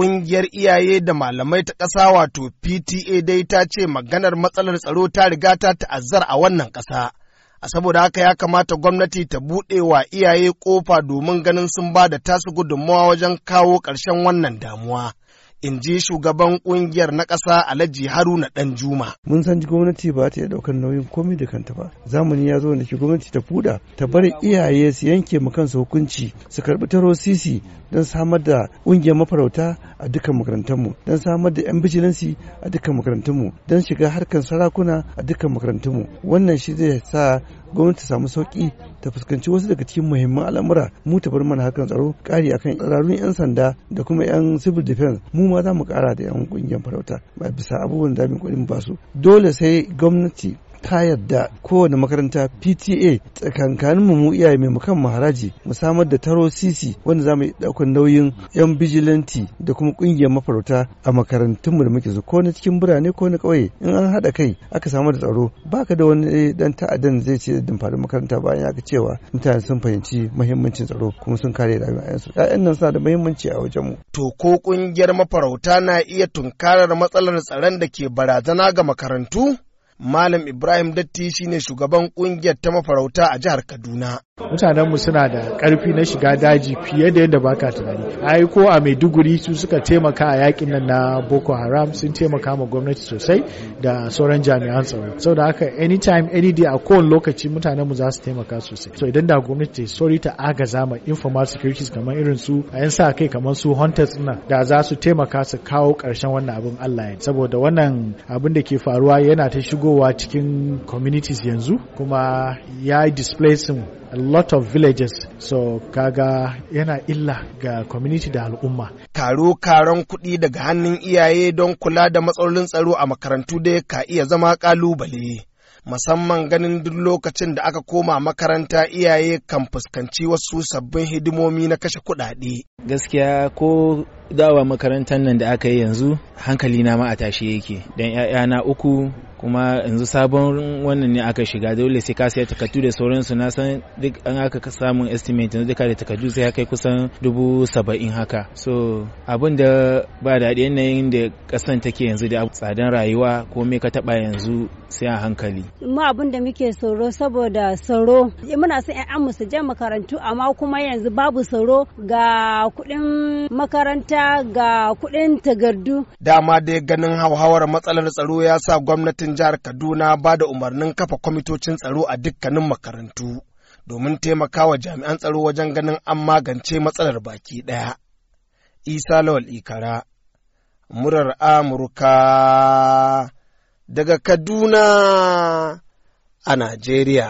Ƙungiyar iyaye da malamai ta ƙasa wato PTA dai ta ce maganar matsalar tsaro ta riga ta ta'azzar a wannan ƙasa. A saboda haka ya kamata gwamnati ta buɗe wa iyaye ƙofa domin ganin sun ba da tasu gudunmawa wajen kawo ƙarshen wannan damuwa. in ji shugaban kungiyar na ƙasa Alhaji Haruna juma. Mun san gwamnati ba ta ɗaukar nauyin komai da kanta ba. Zamani ya zo da ke gwamnati ta fuda ta bar iyaye su yanke mu kansu hukunci su karɓi taro sisi don samar da kungiyar mafarauta a dukkan makarantunmu don samar da 'yan bijilansi a dukkan makarantunmu don shiga harkar sarakuna a dukkan makarantunmu wannan shi zai sa gwamnati ta samu sauki ta fuskanci wasu daga cikin muhimman al'amura mu ta bar mana hakan tsaro kari akan tsararrun yan sanda da kuma yan civil defense mu ma za mu kara da yan kungiyar farauta ba bisa abubuwan da mu ba su dole sai gwamnati ta yadda kowane makaranta PTA tsakankanin mu iyaye mai mukan maharaji mu samar da taro sisi wanda za mu yi ɗaukar nauyin 'yan bijilanti da kuma ƙungiyar mafarauta a makarantunmu da muke ko na cikin birane ko na ƙauye in an haɗa kai aka samar da tsaro baka da wani dan ta'addan zai ce da faru makaranta bayan aka cewa mutane sun fahimci muhimmancin tsaro kuma sun kare rayuwar 'ya'yansu 'ya'yan nan suna da muhimmanci a mu To ko ƙungiyar mafarauta na iya tunkarar matsalar tsaron da ke barazana ga makarantu? Malam Ibrahim Datti shine shugaban kungiyar ta mafarauta a jihar Kaduna. Mutanenmu suna da karfi na shiga daji fiye da yadda baka tunani. Ai ko a Maiduguri su suka taimaka a yakin nan na Boko Haram sun taimaka ma gwamnati sosai da sauran jami'an tsaro. Saboda haka anytime any day a kowane lokaci mutanenmu za su taimaka sosai. So idan da gwamnati ta sori ta agaza ma informal securities kamar irin su a yan sa kai kamar su hunters na da za su taimaka su kawo karshen wannan abin Allah ya. Saboda wannan abin da ke faruwa yana ta shigo shigowa cikin communities yanzu kuma ya yi displacing a lot of villages so kaga yana illa ga community da al'umma. Karo karon kuɗi daga hannun iyaye don kula da matsalolin tsaro a makarantu dai ka iya zama ƙalubale. musamman ganin duk lokacin da aka koma makaranta iyaye kan fuskanci wasu sabbin hidimomi na kashe kuɗaɗe. Gaskiya ko dawa makarantar nan da aka yi yanzu hankali na ma a tashi yake don ‘ya'yana uku kuma yanzu sabon wannan ne aka shiga dole sai ka siya takardu da sauransu na san duk an aka samun estimate na duka da takardu sai kai kusan dubu saba'in haka so abin da ba daɗi yanayin da ƙasan take yanzu da tsadan rayuwa ko me ka taɓa yanzu sai a hankali. mu abin da muke tsoro saboda tsoro muna son 'ya'yanmu su je makarantu amma kuma yanzu babu tsoro ga kuɗin makaranta ga kuɗin takardu. dama dai ganin hauhawar matsalar tsaro ya sa gwamnatin gwamnatin jihar Kaduna ba da umarnin kafa kwamitocin tsaro a dukkanin makarantu domin taimakawa jami'an tsaro wajen ganin an magance matsalar baki ɗaya. Isa Lawal Ikara, murar Amurka daga Kaduna a Najeriya.